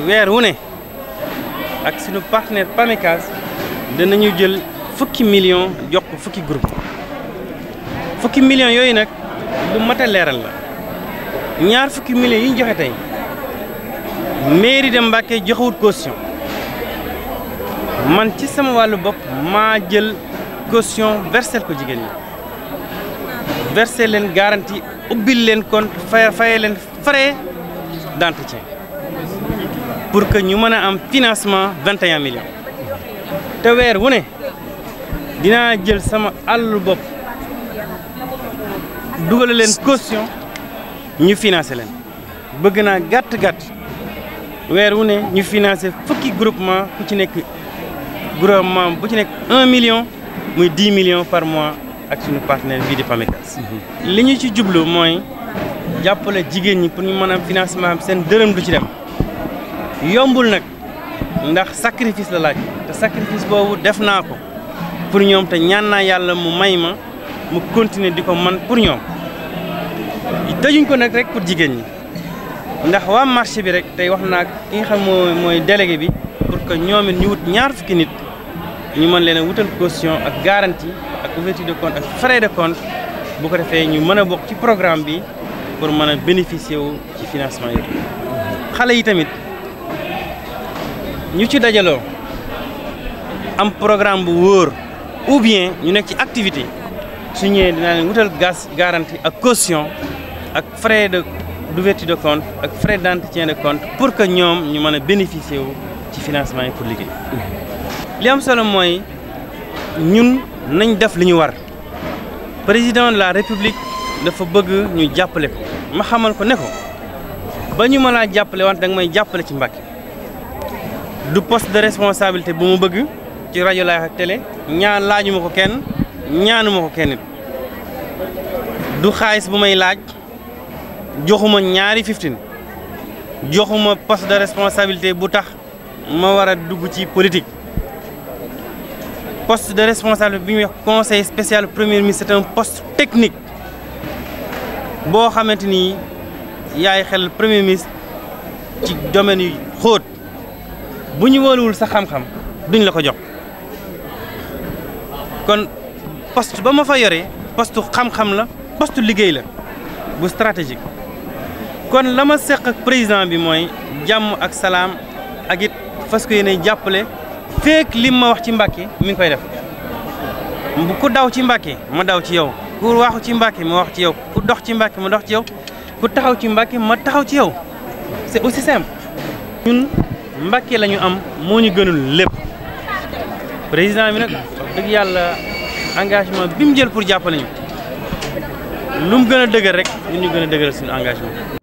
weer wu ne ak suñu partenaire PAMECAS danañu jël fukki million jox ko fukki groupe fukki millions yooyu nag lu mat leeral la ñaar fukki millions yi ñu joxe tey mairie de Mbacké joxewut caution man ci sama wàllu bopp maa jël caution versel ko jigéen ñi versé leen garantie ubbil leen kon fay faye leen frais d'entretien pour que ñu mën a am financement 21 millions te weer wu ne dinaa jël sama àllu bopp dugale leen caution ñu financé leen bëgg naa gàtt-gàtt weer wu ne ñu financé fukki groupement ku ci nekk groupement bu ci nekk 1 million muy 10 millions par mois ak suñu partenaire bii di PAMECAS mhm. li ñu ci jublu mooy jàppale jigéen ñi pour ñu mën a am financement seen dërëm du ci dem yombul nag ndax sacrifice la laaj te sacrifice boobu def naa ko pour ñoom te ñaan naa yàlla mu may ma mu continuer di ko man pour ñoom tëjuñ ko nag rek pour jigéen ñi ndax waa marché bi rek tey wax naa ki nga xam moo mooy délégué bi pour que ñoom ñu wut ñaar fukki nit ñu mën leen a wutal caution ak garantie ak ouverture de compte ak frais de compte bu ko defee ñu mën a bokk ci programme bi pour mën a bénéficier wu ci financement yi xale yi tamit ñu ci dajaloo am programme bu wóor ou bien ñu nekk ci activité su ñëwee dinaa leen wutal gaz garantie ak costion ak frais de d'ouverture de compte ak frais d'entretien de compte pour que ñoom ñu mën a bénéficier wu ci financement yi pour liggéey. li am solo mooy ñun nañ def li ñu war président de la république dafa bëgg ñu jàppale ko ma xamal ko ne ko ba ñu ma laa jàppale wante danga may jàppale ci Mbàkke du poste de responsabilité bu ma bëgg ci rajo laay ak télé ñaan laajuma ko kenn ñaanuma ko kenn du xaalis bu may laaj joxuma ñaari fiftin joxuma poste de responsabilité bu tax ma war a dugg ci politique poste de responsabilité bi ñuy wax conseil spécial premier ministre c'est un poste technique boo xamante ni yaay xel premier ministre ci domaine yi xóot bu ñu wóoluwul sa xam-xam duñ la ko jox kon post ba ma fa yore poste xam-xam la poste liggéey la bu stratégique kon la ma seq ak président bi mooy jàmm ak salaam ak it fas ko yéene jàppale feek lim ma wax ci Mbàkke mi ngi koy def ku daw ci Mbàkke ma daw ci yow ku waaxu ci Mbàkke ma wax ci yow ku dox ci Mbàkke ma dox ci yow ku taxaw ci Mbàkke ma taxaw ci yow c'est aussi simple ñun Mbàkke la ñu am moo ñu gënul lépp président bi nag dëgg yàlla engagement bi mu jël pour jàppale ñu lu mu gën a dëgër rek ñun ñu gën a dëgëral suñu engagement.